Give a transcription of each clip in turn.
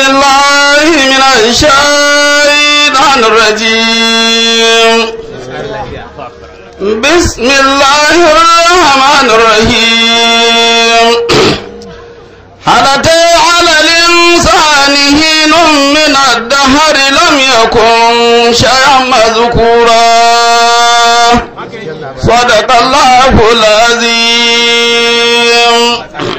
بالله من الشيطان الرجيم بسم الله الرحمن الرحيم هل على الإنسان حين من الدهر لم يكن شيئا مذكورا صدق الله العظيم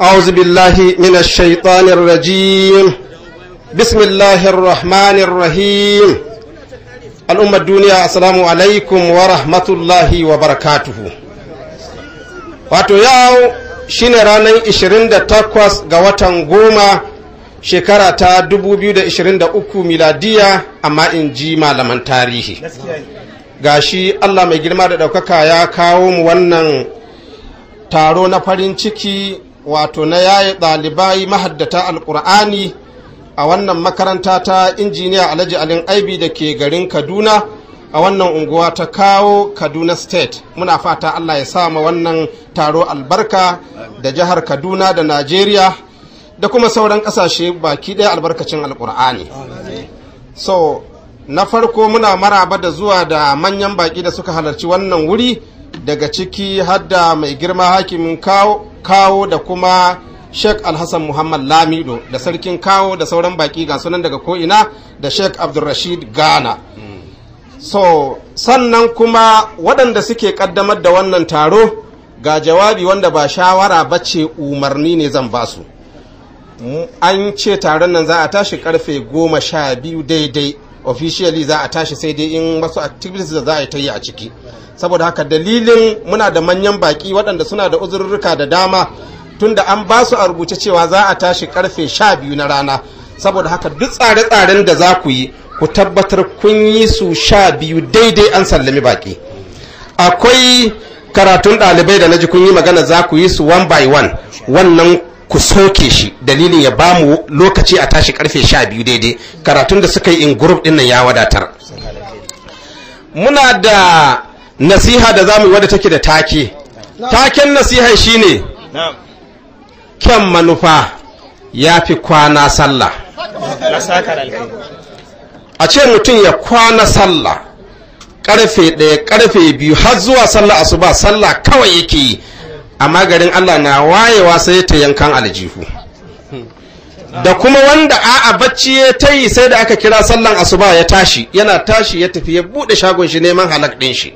أعوذ بالله من الشيطان الرجيم بسم الله الرحمن الرحيم الأمة الدنيا السلام عليكم ورحمة الله وبركاته واتو shine ranar 28 ga watan goma shekara ta 2023 miladiya amma in ji malaman tarihi gashi Allah mai girma da ɗaukaka ya kawo mu wannan taro na farin ciki wato na yaye ɗalibai mahaddata alkur'ani a wannan makaranta ta injiniya alhaji alin aibi da ke garin kaduna a wannan unguwa ta kawo kaduna state muna fata allah ya sama wannan taro albarka da jihar kaduna da najeriya da kuma sauran kasashe baki ɗaya albarkacin alkur'ani so na farko muna maraba da zuwa da manyan baki da suka halarci wannan wuri daga ciki hadda mai girma hakimin kawo da kuma sheik alhassan muhammad lamido da sarkin kawo da sauran baki ga sunan daga ko'ina da sheik abdulrashid ghana so sannan kuma waɗanda suke ƙaddamar da wannan taro ga jawabi wanda ba shawara ba ce umarni ne zan ba su an ce taron nan za a tashi karfe goma sha biyu daidai officially za a tashi sai dai in wasu activities da za a yi ta yi a ciki saboda haka dalilin muna da manyan baki waɗanda suna da uzurruka da dama tunda an ba su a rubuce cewa za a tashi karfe sha biyu na rana saboda haka duk tsare-tsaren da za ku yi ku tabbatar kun yi su sha biyu daidai an sallami baki akwai karatun ɗalibai da na ji kun yi magana za ku yi su one by one wannan ku soke shi dalilin ya ba mu lokaci a tashi karfe sha biyu daidai karatun da suka yi in group din nan ya wadatar muna da nasiha da za zamu wadda take da take taken nasiha shi ne kyan manufa ya fi kwana sallah a ce mutum ya kwana sallah karfe daya karfe biyu har zuwa sallah asuba sallah kawai yake yi amma garin Allah na wayewa sai ta yankan aljihu da kuma wanda a'a bacci ya ta yi sai da aka kira sallan asuba ya tashi yana tashi ya tafi ya bude shagon shi neman halak din shi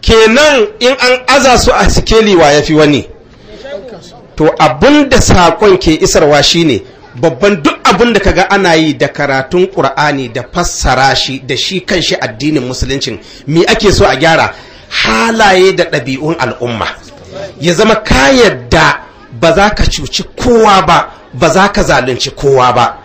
kenan in an aza su a sikeli wa yafi wani to abin da sakon ke isarwa shine babban duk abin da kaga ana yi da karatun Qur'ani da fassara shi da shi kanshi addinin musuluncin me ake so a gyara halaye da ɗabi'un al'umma ya zama ka yadda ba za ka cuci kowa ba ba za ka zalunci kowa ba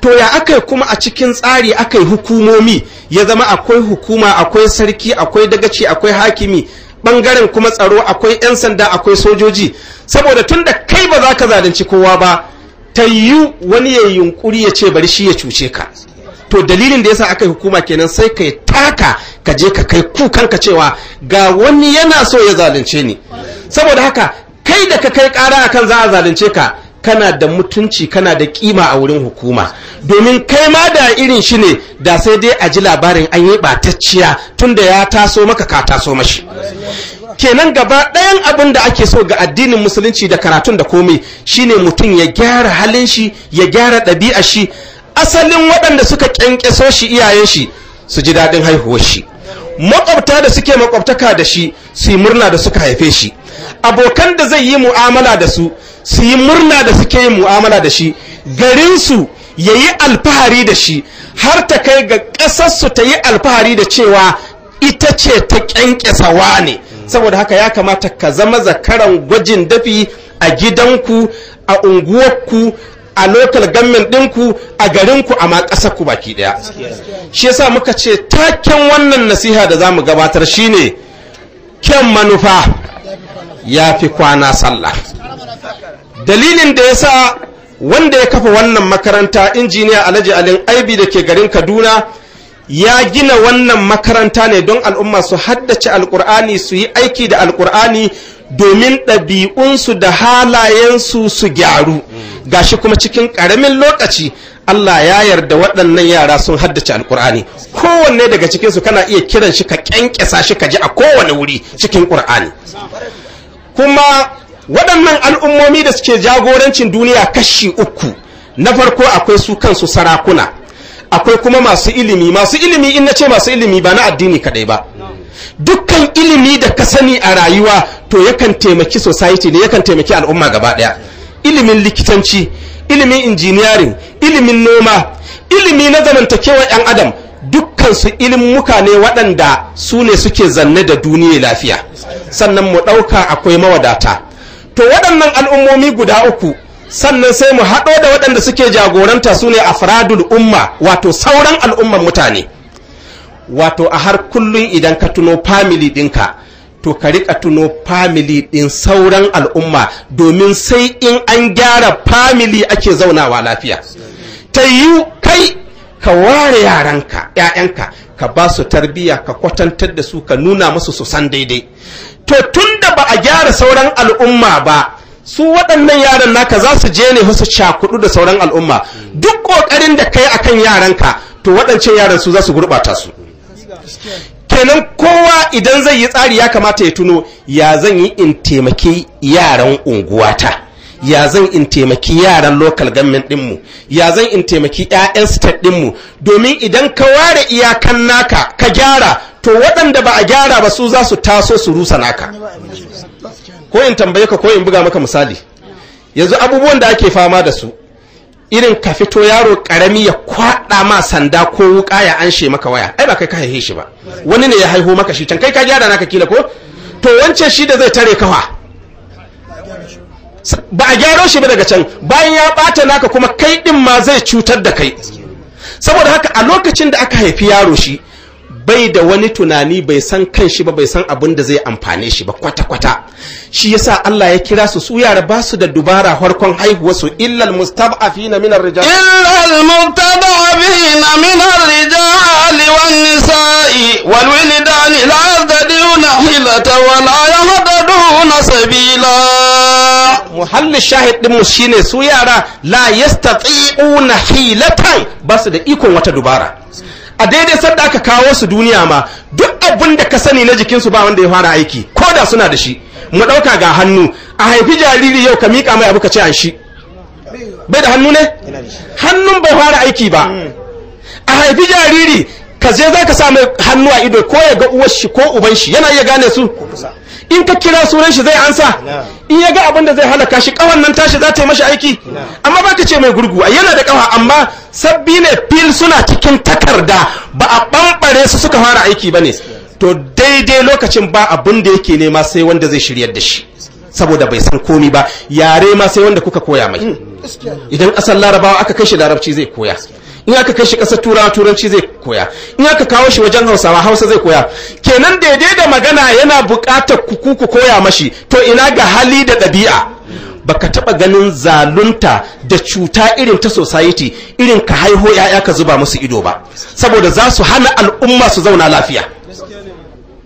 to ya aka yi kuma a cikin tsari aka yi hukumomi ya zama akwai hukuma akwai sarki akwai dagaci akwai hakimi bangaren kuma tsaro akwai 'yan sanda akwai sojoji saboda tun da kai ba za ka zalunci kowa ba ta yiwu wani ya yunkuri ya ce bari shi ya cuce ka to dalilin da yasa aka yi hukuma kenan sai yi taka ka je ka kai kukan ka cewa ga wani yana so ya zalunce ni saboda haka kai da ka kai kara akan za a zalunce ka kana da mutunci kana da kima a wurin hukuma domin kai ma da irin shi ne da sai dai a ji labarin an yi batacciya da ya taso maka ka taso mashi kenan gaba ɗayan abin da ake so ga addinin musulunci da karatun da komai shine mutum ya gyara halin shi ya gyara ɗabi'a shi asalin waɗanda suka ƙyanƙyaso shi iyaye shi su ji daɗin haihuwar shi maƙwabta da suke maƙwabtaka da shi su yi murna da suka haife shi abokan da zai yi mu'amala da su su yi murna da suke yin mu'amala da shi garinsu ya yi alfahari da shi har ta kai ga ƙasarsu ta yi alfahari da cewa ita ce ta ƙyanƙyasawa ne saboda haka ya kamata ka zama zakaran gwajin dafi a gidanku a unguwarku a local government ɗinku a garinku a ƙasar ku baki ɗaya shi yasa muka ce taken wannan nasiha da za mu gabatar shine kyan manufa ya fi kwana sallah dalilin da yasa wanda ya kafa wannan makaranta injiniya alhaji alin aibi da ke garin kaduna ya gina wannan makaranta ne don al'umma su haddace alkur'ani su yi aiki da alkur'ani domin ɗabi'unsu da halayensu su gyaru Ga shi kuma cikin ƙaramin lokaci Allah ya yarda waɗannan yara sun haddace alƙur'ani kowanne daga cikinsu kana iya kiran shi ka ƙyanƙyasa shi ka ji a kowane wuri cikin ƙur'ani kuma waɗannan al'ummomi da suke jagorancin duniya kashi uku na farko akwai su kansu sarakuna akwai kuma masu ilimi masu ilimi in na ce masu ilimi ba na addini kaɗai ba dukkan ilimi da ka sani a rayuwa to yakan taimaki society ne yakan taimaki al'umma gaba daya ilimin likitanci ilimin injiniyarin ilimin noma ilimi na zamantakewa yan adam dukkan su ilimuka ne waɗanda su ne suke zanne da duniya lafiya sannan mu ɗauka akwai mawadata to waɗannan al'ummomi guda uku sannan sai mu haɗo da waɗanda suke jagoranta su ne a umma wato sauran al'umman mutane wato a har kullum idan ka tuno family ɗinka to ka rika tuno family din sauran al'umma domin sai in an gyara family ake zaunawa lafiya ta yi kai ka ware yaranka ‘ya'yanka ka ba su tarbiyya ka kwatantar da su ka nuna musu su san daidai to tun da ba a gyara sauran al'umma ba su waɗannan yaran naka za su je ne su cakudu da sauran al'umma duk ƙoƙarin da kai akan yaranka to waɗancan yaran su za su gurɓata su kenan kowa idan zai yi tsari ya kamata ya tuno ya zan yi in taimaki yaran unguwata ya zan in taimaki yaran lokal government dinmu ya zan in taimaki 'ya'yan state dinmu domin idan ka ware iyakan naka ka gyara to waɗanda ba a gyara ba su za su taso su rusa naka ko in tambaye ka ko in buga maka misali yanzu abubuwan da ake fama da su irin ka fito yaro karami ya kwaɗa ma sanda ko wuƙa ya anshe maka waya ai ba kai ka haihe shi ba wani ne ya haihu maka shi can kai ka gyara naka kila ko to wancan shi da zai tare kawa ba a gyaro shi ba daga can bayan ya ɓata naka kuma kai ɗin ma zai cutar da kai saboda haka a lokacin da aka haifi yaro shi bai da wani tunani bai san kan shi ba bai san abin da zai amfane shi ba kwata-kwata shi yasa Allah ya kira su su yara ba su da dubara harkon haihuwa su illal mustad'afina min ar-rijal illal mustad'afina min ar-rijal wan nisa'i wal wildan la una hilata wa la una sabila muhallin shahid din mu shine su yara la yastati'una hilatan ba su da ikon wata dubara a daidai sanda aka kawo su duniya ma duk abin da ka sani na jikinsu ba wanda ya fara aiki ko da suna da shi mu ɗauka ga hannu a haifi jariri yau ka miƙa mai abu ka ce an shi bai da hannu ne hannun bai fara aiki ba a haifi jariri ka je za ka sa mai hannu a ido ko ya ga uwar shi ko uban shi yana iya gane su in ka kira sunan shi zai ansa in ya ga abin da zai halaka shi kawan nan tashi za ta yi mashi aiki amma ba ka ce mai gurgu yana da kawa amma sabbi ne fil suna cikin takarda ba a bambare su suka fara aiki ba ne to daidai lokacin ba abin da yake nema sai wanda zai shiryar da shi saboda bai san komi ba yare ma sai wanda kuka koya mai hmm, idan asal larabawa aka kai shi larabci zai koya in aka kai shi ƙasar turawa turanci zai koya in aka kawo shi wajen hausawa hausa zai koya kenan daidai da magana yana buƙatar ku ku koya mashi to ina ga hali da ɗabi'a baka taɓa ganin zalunta da cuta irin ta society irin ka haiho 'ya'ya ka zuba musu ido ba saboda za su hana al'umma su zauna lafiya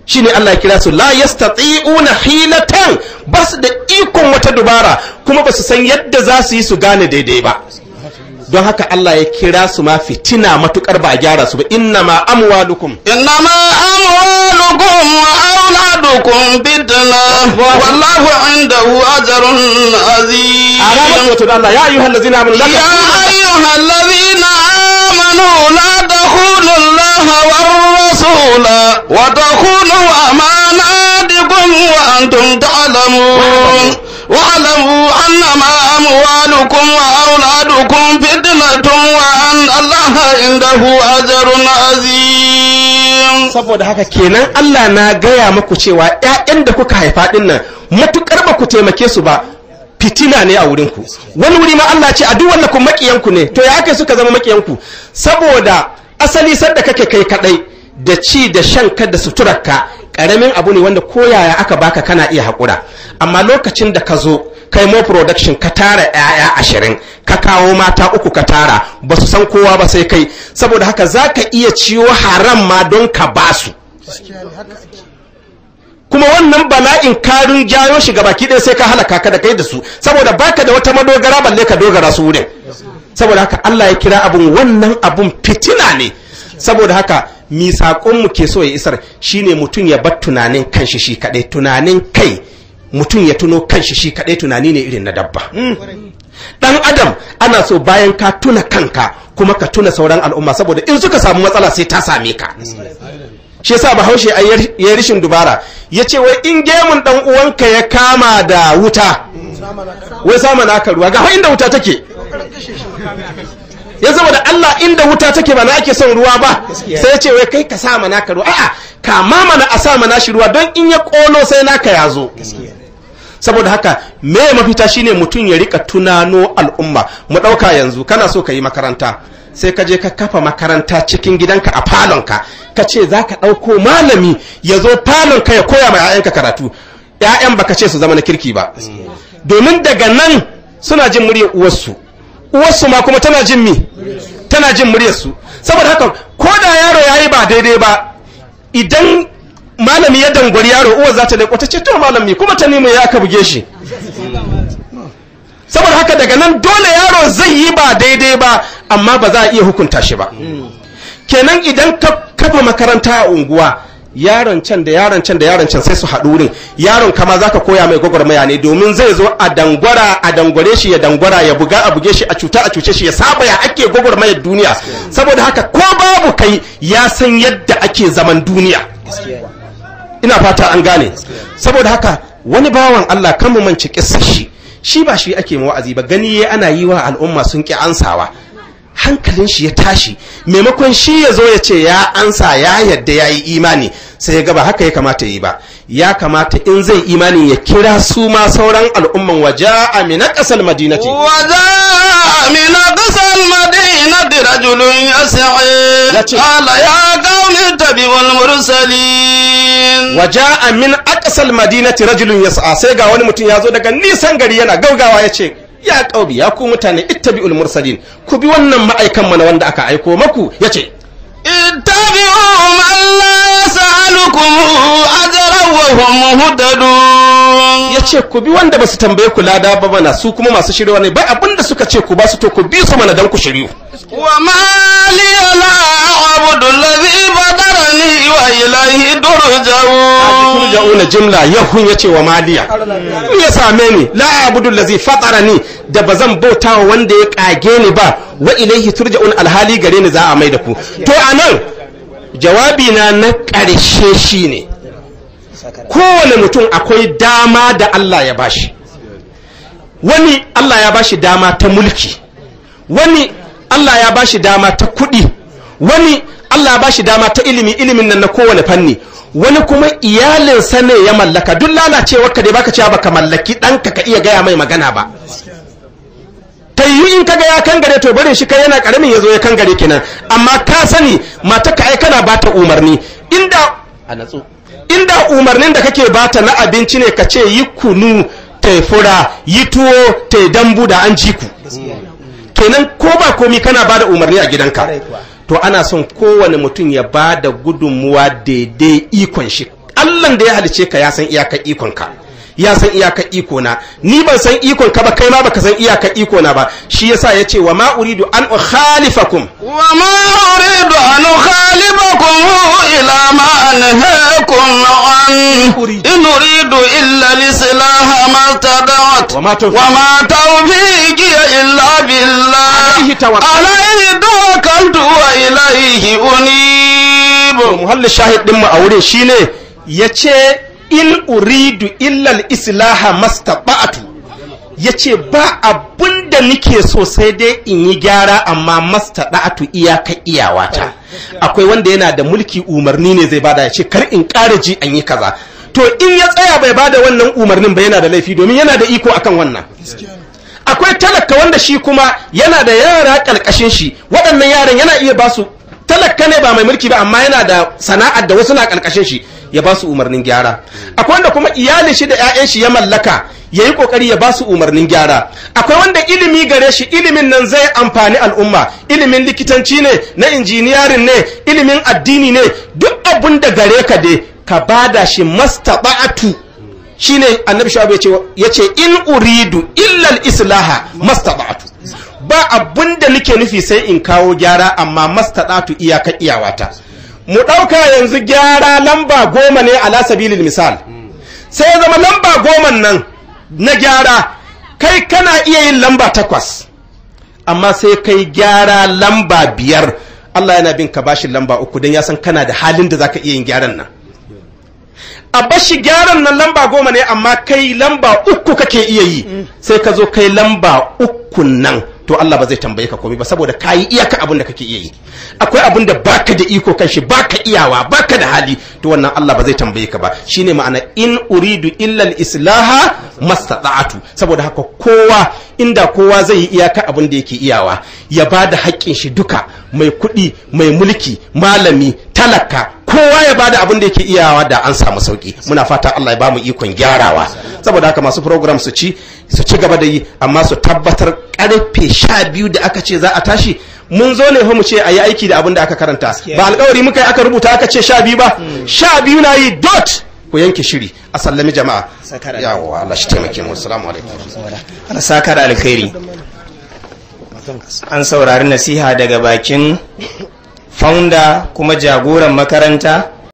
shine Allah ya kira su la yastati'una hilatan bas da ikon wata dubara kuma ba su san yadda za su yi su gane daidai ba don haka Allah ya kira su ma fitina matukar ba gyara su ba inna ma amwalukum inna ma amwalukum wa auladukum fitna wallahu indahu ajrun azim alamat wato Allah ya ayuha allazina amanu la ya ayyuhal ladzina amanu la taqulu Allah war rasula. wa tadkhulu amanatikum wa antum ta'lamun wa alamu annama amwa أموالكم وأولادكم فتنة وأن الله عنده أجر عظيم saboda haka kenan Allah na gaya muku cewa ƴaƴan da kuka haifa din nan matukar ba ku taimake su ba fitina ne a wurinku wani wuri ma Allah ce a duk wanda kun makiyanku ne to ya kai suka zama makiyanku saboda asali sadda kake kai kadai da ci da shan ka da suturarka karamin abu ne wanda koyaya aka baka kana iya haƙura amma lokacin da ka zo kai mo production ka tara yaya ashirin ka kawo mata uku ka tara ba su san kowa ba sai kai saboda haka za ka iya ciwo haram ma don ka ba su. kuma wannan bala'in karin jayo shiga baki ɗaya sai ka halaka ka da kai da su saboda baka da wata madogara balle ka dogara su wurin saboda haka Allah ya kira abun wannan abun fitina ne saboda haka mi saƙonmu ke so ya isar shine mutum ya bar tunanin kanshi shi kaɗai tunanin kai mutum ya tuno kanshi shi kaɗai tunani ne irin na dabba dan adam ana so bayan ka tuna kanka kuma ka tuna sauran al'umma saboda in suka samu matsala sai ta same ka shi yasa bahaushe a ya rishin dubara ya ce wai in gemun dan uwanka ya kama da wuta wai sama naka ruwa ga inda wuta take ya zama da Allah inda wuta take ba na ake son ruwa ba sai ya ce wai kai ka sama naka ruwa a'a kama mana a sama nashi ruwa don in ya kolo sai naka ya zo saboda haka me mafita shine mutum ya rika tunano al'umma mu ɗauka yanzu kana so ka yi makaranta sai ka je ka kafa makaranta cikin gidanka a falon ka ce za ka ɗauko malami ya zo falon ka ya koya ma 'ya'yanka karatu 'ya'yan ka ce su zama na kirki ba domin daga nan suna jin muryar uwarsu uwarsu ma kuma tana jin mi tana jin muryarsu saboda haka ko da yaro ya yi ba daidai ba idan malami ya dangwari yaro uwa za ta leko ta ce to malami kuma ta nemi ya aka buge shi saboda haka daga nan dole yaro zai yi ba daidai ba amma ba za a iya hukunta shi ba kenan idan ka kafa makaranta a unguwa yaron can da yaron can da yaron can sai su haɗu wurin yaron kama zaka koya mai gwagwarmaya ne domin zai zo a dangwara a dangware shi ya dangwara ya buga a buge shi a cuta a cuce shi ya saba ya ake gwagwarmayar duniya saboda haka ko babu kai ya san yadda ake zaman duniya ina fata an gane saboda haka wani bawan Allah kan mu manci kissa shi shi ba shi ake ma wa'azi ba gani yayi ana yi wa al'umma sun ki ansawa hankalin shi ya tashi maimakon shi ya zo ya ce ya ansa ya yadda ya yi imani sai ya gaba haka ya kamata yi ba ya kamata in zai imani ya kira su ma sauran al'umman waje a mina ƙasar madinati waje من أقصى المدينة رجل يسعي قال يا قوم اتبعوا المرسلين وجاء من أقصى المدينة رجل يسعى سيغا wani mutum ya zo daga nisan gari yana gaugawa ya ce ya kauri ya ku mutane ittabi'ul mursalin ku bi wannan ma'aikan mana wanda aka aiko maku ya ce ittabi'u man nas'alukum ajran wa hum muhtadun yace ku bi wanda basu tambaye ku lada ba bana su kuma masu shirya ne bai abinda suka ce ku ba su to ku bi su mana dan ku shiryu wa mali la a'budu alladhi badarani wa ilayhi turja'un turja'un jumla yahun yace wa maliya me ya same ni la a'budu alladhi fatarani da bazan bautawa wanda ya kage ni ba wa ilahi turja'un alhali gare ni za a mai da ku to anan jawabi na ƙarshe shi ne kowane mutum akwai dama da Allah ya bashi wani Allah ya bashi dama ta mulki wani Allah ya bashi dama ta kuɗi wani Allah ya bashi dama ta ilimi ilimin nan na kowane fanni wani kuma iyalinsa ne ya mallaka duk lalacewa ka dai baka cewa baka mallaki ɗanka ka iya gaya mai magana ba ta in kaga ya kangare to bare shi kai yana karamin ya zo ya kangare kenan amma ka sani mata ka ai kana bata umarni inda a natsu inda umarnin da kake bata na abinci ne kace yi kunu ta fura yi tuwo ta dambu da an ji ku kenan ko ba komi kana bada umarni a gidanka to ana son kowane mutum ya bada gudunmuwa daidai ikon shi allah da ya halice ka ya san iyakar ka. ya san iyakar iko na ni ban san ikon ka ba kai ma baka san iyakar iko na ba shi yasa yace wa ma uridu an khalifakum wa ma uridu an khalifakum ila ma anhaakum an in uridu illa lislaha ma tadat wa ma tawfiqi illa billah alayhi tawakkaltu wa ilayhi unib muhallin shahid din mu aure shine yace il uridu illal islaha mastaba'atu yace ba abun da nike so sai dai in yi gyara amma mastaba'atu iyaka ta akwai wanda yana da mulki umarni ne zai bada yace kar in ƙara ji an yi kaza to in ya tsaya bai bada wannan umarnin ba yana da laifi domin yana da iko akan wannan akwai talaka wanda shi kuma yana da yara ƙarƙashin shi waɗannan yaran yana iya ba su talaka ne ba mai mulki ba amma yana da sana'ar da wasu na karkashin shi ya ba su umarnin gyara akwai wanda kuma iyali shi da 'ya'yan shi ya mallaka ya yi kokari ya ba su umarnin gyara akwai wanda ilimi gare shi ilimin nan zai amfani al'umma ilimin likitanci ne na injiniyarin ne ilimin addini ne duk abun da gare ka dai ka bada shi mastaba'atu shine annabi shu'aib ya ce in uridu illa al-islaha mastaba'atu ba abun da nake nufi sai in kawo gyara amma mastaɗatu iyaka iyawata mu ɗauka yanzu gyara lamba goma ne ala sabilin misal sai ya zama lamba goman nan na gyara kai kana iya yin lamba takwas amma sai kai gyara lamba biyar Allah yana bin ka bashi lamba uku don ya san kana da halin da zaka iya yin gyaran nan a bashi gyaran nan lamba goma ne amma kai lamba uku kake iya yi sai ka zo kai lamba uku nan to Allah ba zai tambaye ka komai ba saboda ka yi iyaka abin da kake iya yi akwai abin da baka da iko kanshi baka iyawa baka da hali to wannan Allah ba zai tambaye ka ba shine ma'ana in uridu illa al-islaha mastata'atu saboda haka kowa inda kowa zai yi iyaka abin da yake iyawa ya bada haƙƙin shi duka mai kuɗi mai mulki malami talaka kowa ya bada abin da yake iyawa da an samu sauki muna fata Allah ya bamu ikon gyarawa saboda haka masu program su ci su ci gaba da yi amma su tabbatar karfe sha biyu da aka ce za a tashi mun zo ne mu ce a yi aiki da abin da aka karanta ba alkawari muka yi aka rubuta aka ce sha biyu ba hmm. sha biyu na yi dot ku yanke shiri a sallami jama'a yawa Allah shi taimake mu assalamu alaikum ana saka da alkhairi an saurari nasiha daga bakin founder kuma jagoran makaranta